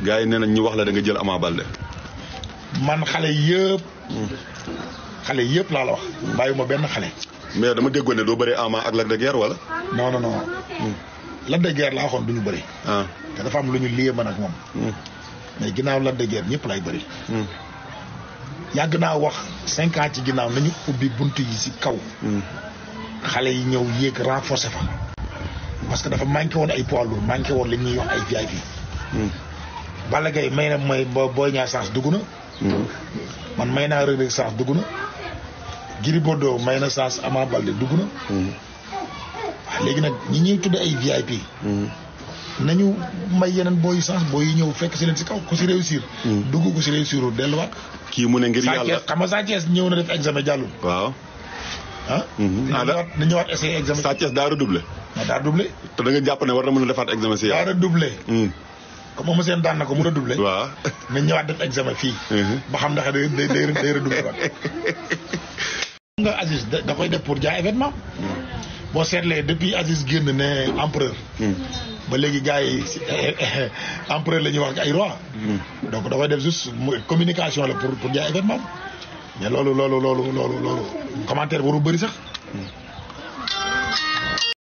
gars yi nee nañ ñu wax la danga jël amaa Baldé. man xale yëpp. xale yëpp laa la wax. bàyyiwuma benn xale. mais dama déggoon ne doo bëree Ama ak Lac de Guiers wala. non non non. Hmm. Lac de Guiers laa waxoon bëri. Ah. te dafa am lu ñu liyee man ak moom. Hmm. mais ginnaaw Lac de Guiers ñëpp lay bëri. Hmm. yàgg naa wax cinq ci ginnaaw nañu ubbi bunt yi si kaw. xale yi ñëw yéeg renforcer fa. parce que dafa manqué woon ay poids lourd manqué woon li ñuy ay VIP. Balla Gaye may na may booy Niang chance dugg na. Hmm. man may naa Reug Reug chance dugg na. Gris Bordeaux may na chance Ama Baldé dugg na. Hmm. Ah, léegi nag ñi ñuy tudd ay VIP. Hmm. nañu may yeneen booy yu chance booy ñëw fekk si leen si kaw ku si réussir. dugg ku si réussir wul delluwaat. kii mu ne ngir yàlla xam nga Sa ñëw na def examen jàllul. waaw. ah. ah da dañu ñëwaat essayé examen. Sa Thiès daa redoublé. Ah, te da nga jàpp ne war na mën a defaat examen si yow. daa redoublé. comme moom seen daan na ko mu redoublé. waaw na ñëwaat def examen fii. Mhm. ba xam ndax day day day redoublé waat. da koy def pour jaay événement. Mhm. boo seetlee depuis Aziz génn ne empereur. Mhm. ba léegi gars yi empereur la ñuy wax ay roi. donc da koy def juste communication la pour pour jaay événement loolu loolu loolu loolu loolu commentaire waru bëri sax.